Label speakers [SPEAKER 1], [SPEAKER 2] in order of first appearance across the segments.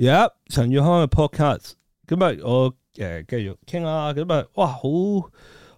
[SPEAKER 1] 而家陳宇、yep, 康嘅 podcast，咁啊我誒、呃、繼續傾下，咁啊哇好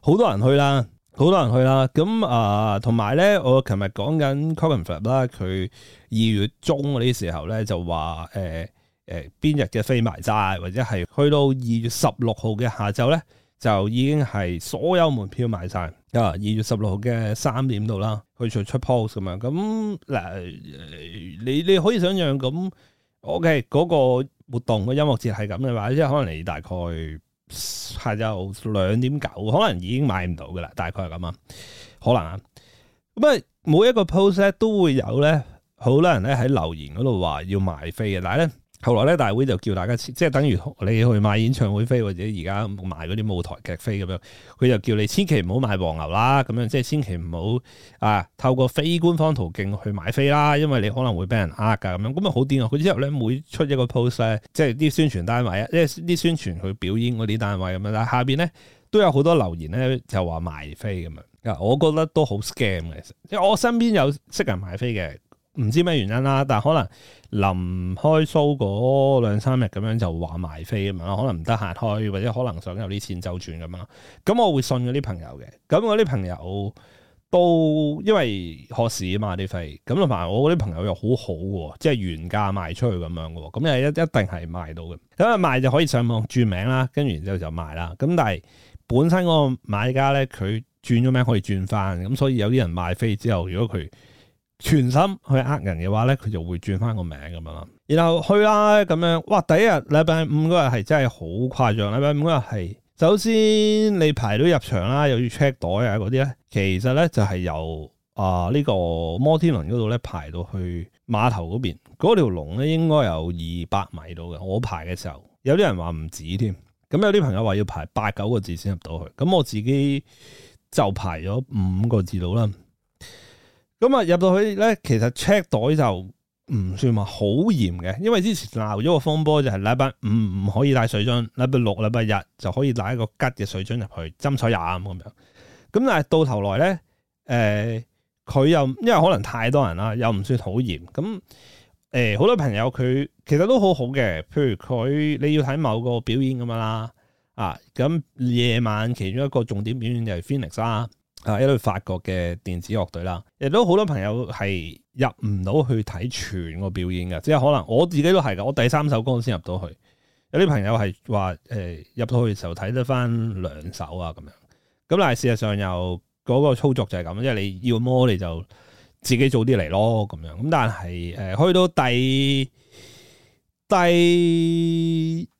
[SPEAKER 1] 好多人去啦，好多人去啦，咁啊同埋咧，我琴日講緊 Copenhagen 啦，佢二月中嗰啲時候咧就話誒誒邊日嘅飛賣曬，或者係去到二月十六號嘅下晝咧，就已經係所有門票賣曬啊！二、呃、月十六號嘅三點度啦，出去做出 post 咁樣，咁嗱、呃、你你可以想象咁。O.K. 嗰個活動個音樂節係咁嘅話，即係可能你大概下晝兩點九，可能已經買唔到噶啦，大概係咁啊，可能啊，咁啊，每一個 post 咧都會有咧，好多人咧喺留言嗰度話要買飛嘅，但係咧。後來咧，大會就叫大家，即係等於你去買演唱會飛或者而家買嗰啲舞台劇飛咁樣，佢就叫你千祈唔好買黃牛啦，咁樣即係千祈唔好啊透過非官方途徑去買飛啦，因為你可能會俾人呃噶咁樣。咁啊好掂啊！佢之後咧每出一個 post 咧，即係啲宣傳單位，即係啲宣傳去表演嗰啲單位咁樣，但係下邊咧都有好多留言咧，就話賣飛咁樣。嗱，我覺得都好 scam 嘅，即係我身邊有識人買飛嘅。唔知咩原因啦，但可能臨開 show 嗰兩三日咁樣就話賣飛啊嘛，可能唔得閒開，或者可能想有啲錢周轉咁啊。咁我會信嗰啲朋友嘅，咁我啲朋友都因為學士啊嘛啲費，咁同埋我啲朋友又好好，即係原價賣出去咁樣嘅，咁又一一定係賣到嘅。咁賣就可以上網轉名啦，跟住然之後就賣啦。咁但係本身嗰個買家咧，佢轉咗名可以轉翻，咁所以有啲人賣飛之後，如果佢。全心去呃人嘅話咧，佢就會轉翻個名咁樣咯。然後去啦咁樣，哇！第一日禮拜五嗰日係真係好誇張。禮拜五嗰日係首先你排到入場啦，又要 check 袋啊嗰啲咧。其實咧就係由啊呢個摩天輪嗰度咧排到去碼頭嗰邊，嗰條龍咧應該有二百米到嘅。我排嘅時候，有啲人話唔止添。咁有啲朋友話要排八九個字先入到去。咁我自己就排咗五個字到啦。咁啊，入到去咧，其實 check 袋就唔算話好嚴嘅，因為之前鬧咗個風波就係禮拜五唔可以帶水樽，禮拜六、禮拜日就可以帶一個吉嘅水樽入去，斟水飲咁樣。咁但係到頭來咧，誒、呃，佢又因為可能太多人啦，又唔算好嚴。咁誒，呃，好多朋友佢其實都好好嘅，譬如佢你要睇某個表演咁樣啦，啊，咁夜晚其中一個重點表演就係 Phoenix 啦。啊！一隊法國嘅電子樂隊啦，亦都好多朋友係入唔到去睇全個表演嘅，只係可能我自己都係嘅，我第三首歌先入到去。有啲朋友係話誒入到去嘅時候睇得翻兩首啊咁樣，咁但係事實上又嗰個操作就係咁，即係你要麼你就自己早啲嚟咯咁樣。咁但係誒去到第第。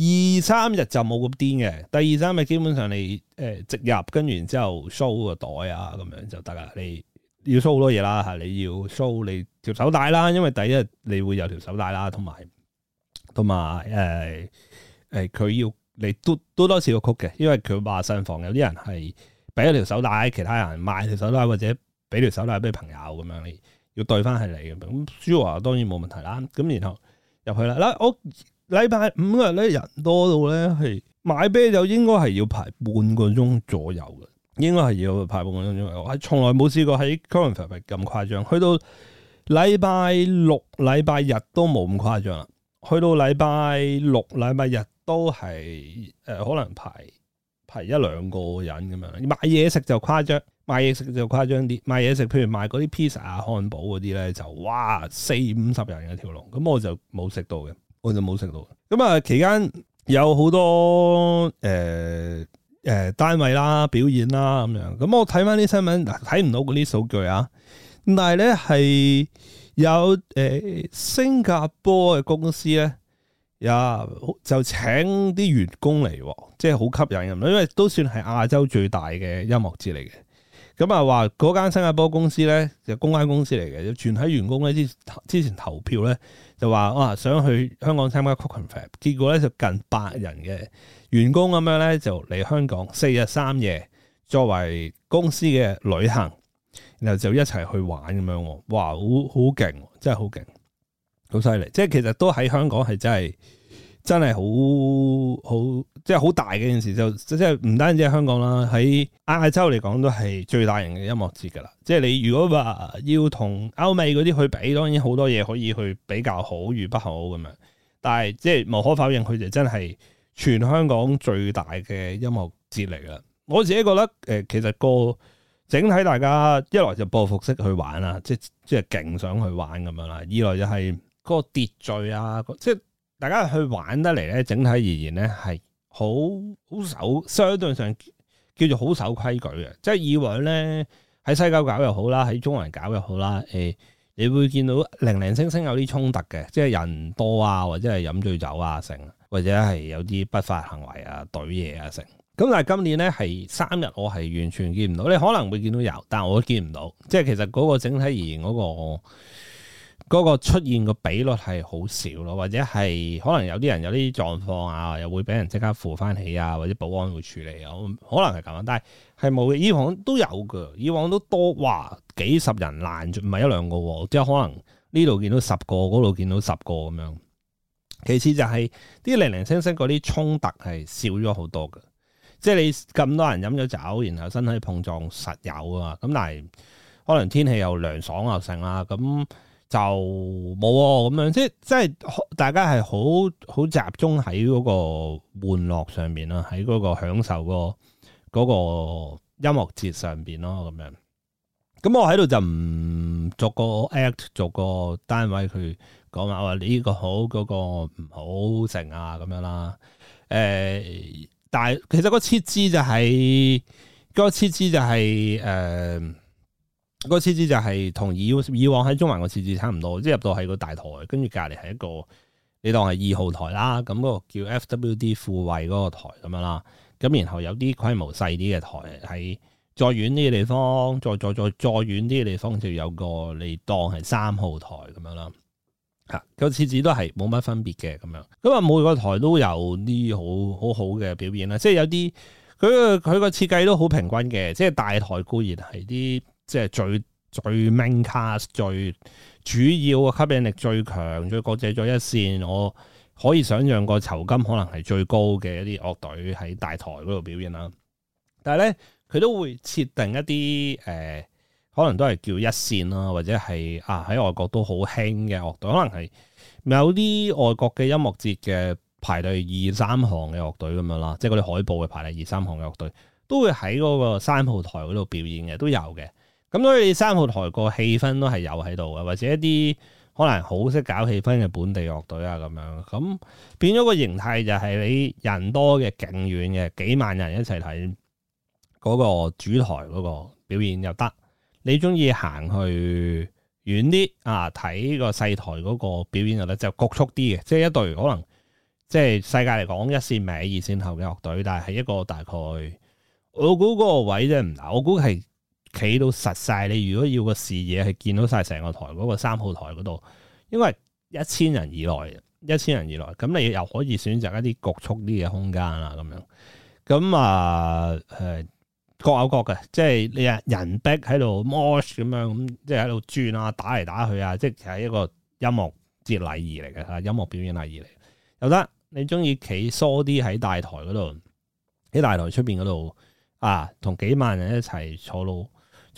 [SPEAKER 1] 二三日就冇咁癲嘅，第二三日基本上你誒直、呃、入跟完之後 show bag，啊，show 個袋啊咁樣就得啦。你要 show 好多嘢啦嚇，你要 show 你條手帶啦，因為第一日你會有條手帶啦，同埋同埋誒誒佢要你嘟嘟多次個曲嘅，因為佢話信房有啲人係俾咗條手帶，其他人買條手帶或者俾條手帶俾朋友咁樣，你要對翻係你咁。show 啊當然冇問題啦，咁然後入去啦，嗱、啊、我。禮拜五日咧人多到咧係買啤酒應該係要排半個鐘左右嘅，應該係要排半個鐘。因為我係從來冇試過喺 Conference 咁誇張，去到禮拜六、禮拜日都冇咁誇張啦。去到禮拜六、禮拜日都係誒、呃，可能排排一兩個人咁樣。買嘢食就誇張，買嘢食就誇張啲。買嘢食，譬如買嗰啲 pizza 啊、漢堡嗰啲咧，就哇四五十人嘅條龍，咁我就冇食到嘅。我就冇食到，咁、嗯、啊期間有好多誒誒、呃呃、單位啦表演啦咁樣，咁、嗯、我睇翻啲新聞，嗱睇唔到嗰啲數據啊，但係咧係有誒、呃、新加坡嘅公司咧，啊就請啲員工嚟，即係好吸引嘅，因為都算係亞洲最大嘅音樂節嚟嘅，咁啊話嗰間新加坡公司咧就是、公關公司嚟嘅，就全體員工咧之之前投票咧。就話哇、啊，想去香港參加 Cooking Fab，結果咧就近百人嘅員工咁樣咧就嚟香港四日三夜，作為公司嘅旅行，然後就一齊去玩咁樣，哇，好好勁，真係好勁，好犀利！即係其實都喺香港係真係。真係好好即係好大嘅件事，就即係唔單止喺香港啦，喺亞洲嚟講都係最大型嘅音樂節㗎啦。即係你如果話要同歐美嗰啲去比，當然好多嘢可以去比較好與不好咁樣。但係即係無可否認，佢哋真係全香港最大嘅音樂節嚟啦。我自己覺得誒、呃，其實個整體大家一來就報復式去玩啦，即即係勁想去玩咁樣啦。二來就係嗰個秩序啊，即係。大家去玩得嚟咧，整體而言咧係好好守，相對上叫做好守規矩嘅。即係以往咧，喺西九搞又好啦，喺中環搞又好啦。誒、呃，你會見到零零星星有啲衝突嘅，即係人多啊，或者係飲醉酒啊成，或者係有啲不法行為啊懟嘢啊成。咁但係今年咧係三日，我係完全見唔到。你可能會見到有，但我都見唔到。即係其實嗰個整體而言嗰個。嗰個出現個比率係好少咯，或者係可能有啲人有啲狀況啊，又會俾人即刻扶翻起啊，或者保安會處理啊，可能係咁樣。但係係冇嘅，以往都有㗎，以往都多哇，幾十人攔住，唔係一兩個，即係可能呢度見到十個，嗰度見到十個咁樣。其次就係啲零零星星嗰啲衝突係少咗好多㗎，即係你咁多人飲咗酒，然後身體碰撞實有啊嘛。咁但係可能天氣又涼爽又剩啦，咁。就冇咁樣，即即係大家係好好集中喺嗰個玩樂上面啦，喺嗰個享受嗰嗰個音樂節上邊咯，咁樣。咁我喺度就唔逐個 act，逐個單位去講啊，話呢個好，嗰個唔好成啊，咁樣啦。誒、欸，但係其實個設置就係，個設置就係，誒。呃個設置就係同以以往喺中環個設置差唔多，即係入到係個大台，跟住隔籬係一個你當係二號台啦，咁、個叫 FWD 富衛嗰個台咁樣啦。咁然後有啲規模細啲嘅台喺再遠啲嘅地方，再再再再遠啲嘅地方就有個你當係三號台咁樣啦。吓、啊個設置都係冇乜分別嘅咁樣，咁、那、啊、個、每個台都有啲好好好嘅表演啦，即係有啲佢佢個設計都好平均嘅，即係大台固然係啲。即係最最 main cast 最主要嘅吸引力最強最國際咗一線，我可以想象個酬金可能係最高嘅一啲樂隊喺大台嗰度表演啦。但係咧，佢都會設定一啲誒、呃，可能都係叫一線啦，或者係啊喺外國都好興嘅樂隊，可能係有啲外國嘅音樂節嘅排隊二三行嘅樂隊咁樣啦，即係嗰啲海報嘅排第二三行嘅樂隊都會喺嗰個三號台嗰度表演嘅都有嘅。咁所以三號台個氣氛都係有喺度嘅，或者一啲可能好識搞氣氛嘅本地樂隊啊咁樣，咁變咗個形態就係你人多嘅、勁遠嘅，幾萬人一齊睇嗰個主台嗰個表演又得。你中意行去遠啲啊睇個細台嗰個表演又得，就局促啲嘅，即係一隊可能即係世界嚟講一線尾、二線後嘅樂隊，但係一個大概我估嗰個位啫，我估係。企到實晒，你如果要個視野係見到晒成個台嗰個三號台嗰度，應該係一千人以內，一千人以內，咁你又可以選擇一啲局促啲嘅空間啦，咁樣，咁啊，誒、呃，各有各嘅，即係你啊人逼喺度 mosh 咁樣，咁即係喺度轉啊打嚟打去啊，即係其實一個音樂節禮儀嚟嘅嚇，音樂表演禮儀嚟，又得你中意企疏啲喺大台嗰度，喺大台出邊嗰度啊，同幾萬人一齊坐到。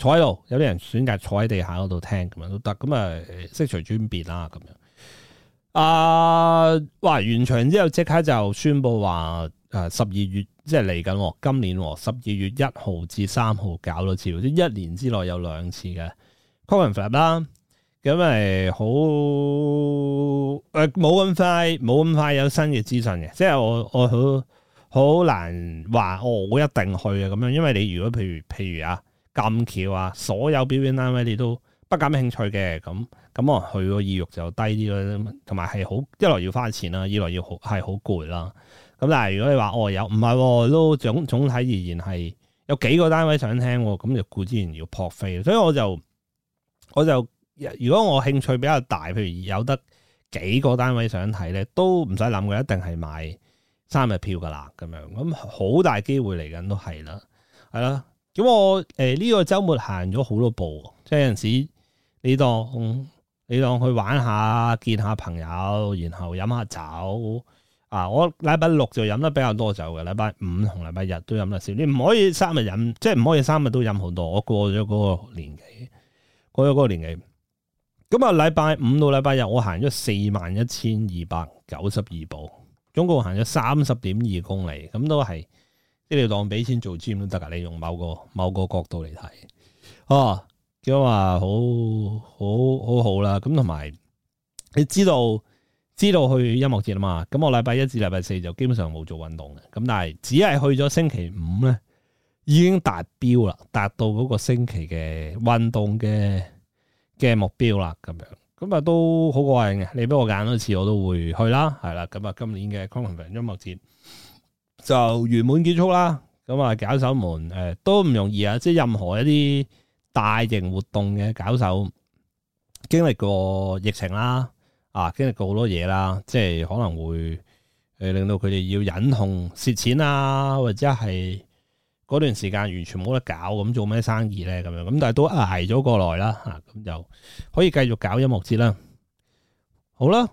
[SPEAKER 1] 坐喺度，有啲人選擇坐喺地下嗰度聽咁樣都得，咁啊色彩轉變啦咁樣。啊、哇，話完場之後即刻就宣布話，誒十二月即係嚟緊，今年十二月一號至三號搞到次，即一年之內有兩次嘅 conference 啦。咁咪好誒，冇咁、呃、快，冇咁快有新嘅資訊嘅，即係我我好好難話我一定去啊咁樣，因為你如果譬如譬如啊。咁巧啊！所有表演單位你都不感咩興趣嘅，咁咁我佢個意欲就低啲咯，同埋係好一來要花錢啦，二來要好係好攰啦。咁但係如果你話哦有唔係，都總總體而言係有幾個單位想聽喎，咁就固之然要撲飛。所以我就我就如果我興趣比較大，譬如有得幾個單位想睇咧，都唔使諗佢一定係買三日票噶啦，咁樣咁好大機會嚟緊都係啦，係啦。咁我誒呢、呃這個周末行咗好多步，即係有陣時你當、嗯、你當去玩下，見下朋友，然後飲下酒啊！我禮拜六就飲得比較多酒嘅，禮拜五同禮拜日都飲得少。你唔可以三日飲，即係唔可以三日都飲好多。我過咗嗰個年紀，過咗個年紀。咁啊，禮拜五到禮拜日我行咗四萬一千二百九十二步，總共行咗三十點二公里，咁都係。即你當俾錢做 gym 都得噶，你用某個某個角度嚟睇，哦、啊，叫話好好，好好好好啦，咁同埋，你知道知道去音樂節啦嘛？咁我禮拜一至禮拜四就基本上冇做運動嘅，咁但係只係去咗星期五咧，已經達標啦，達到嗰個星期嘅運動嘅嘅目標啦，咁樣咁啊都好過癮嘅。你俾我揀多次，我都會去啦，係啦，咁啊，今年嘅 Conver、um、音樂節。就完滿結束啦，咁、嗯、啊，搞手們誒、哎、都唔容易啊！即係任何一啲大型活動嘅搞手，經歷過疫情啦，啊經歷過好多嘢啦，即係可能會誒令到佢哋要忍痛蝕錢啊，或者係嗰段時間完全冇得搞咁做咩生意咧，咁樣咁但係都挨咗過來啦，吓、啊、咁就可以繼續搞音樂節啦。好啦，咁、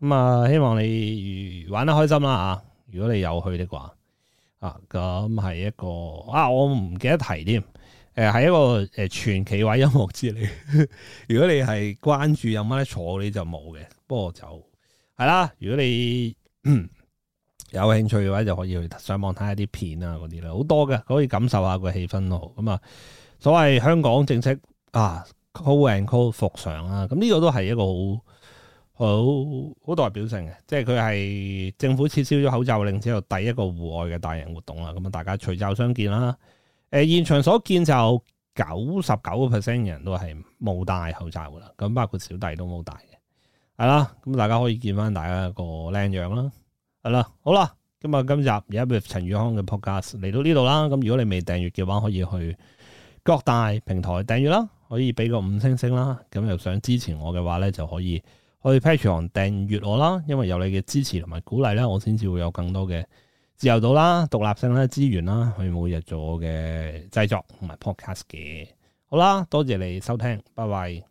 [SPEAKER 1] 嗯、啊，希望你玩得開心啦，啊！如果你有去嘅話，啊，咁係一個啊，我唔記得提添，誒、呃，係一個誒全企位音樂之旅。如果你係關注有乜得坐你就冇嘅，不過就係啦。如果你有興趣嘅話，就可以去上網睇下啲片啊，嗰啲啦，好多嘅，可以感受下個氣氛咯。咁啊，所謂香港正式啊，call and call 復常啦，咁、啊、呢、這個都係一個好。好好代表性嘅，即係佢係政府撤銷咗口罩令之後，第一個戶外嘅大型活動啦。咁啊，大家除罩相見啦。誒，現場所見就九十九個 percent 嘅人都係冇戴口罩噶啦。咁包括小弟都冇戴嘅，係啦。咁大家可以見翻大家一個靚樣啦。係啦，好啦，今日今集而家 with 陳宇康嘅 podcast 嚟到呢度啦。咁如果你未訂閱嘅話，可以去各大平台訂閱啦。可以俾個五星星啦。咁又想支持我嘅話咧，就可以。去 Patreon 訂閱我啦，因為有你嘅支持同埋鼓勵咧，我先至會有更多嘅自由度啦、獨立性啦、資源啦，去每日做我嘅製作同埋 podcast 嘅。好啦，多謝你收聽，拜拜。